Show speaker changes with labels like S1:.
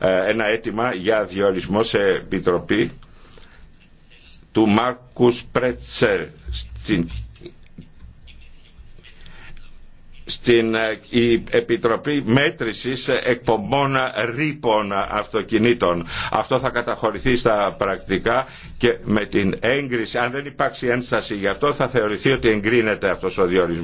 S1: Ε, ένα αίτημα για διορισμό σε επιτροπή του Μάρκου Πρέτσερ στην ε, Επιτροπή Μέτρησης Εκπομπών Ρήπων Αυτοκινήτων. Αυτό θα καταχωρηθεί στα πρακτικά και με την έγκριση, αν δεν υπάρξει ένσταση γι' αυτό θα θεωρηθεί ότι εγκρίνεται αυτός ο διορισμός.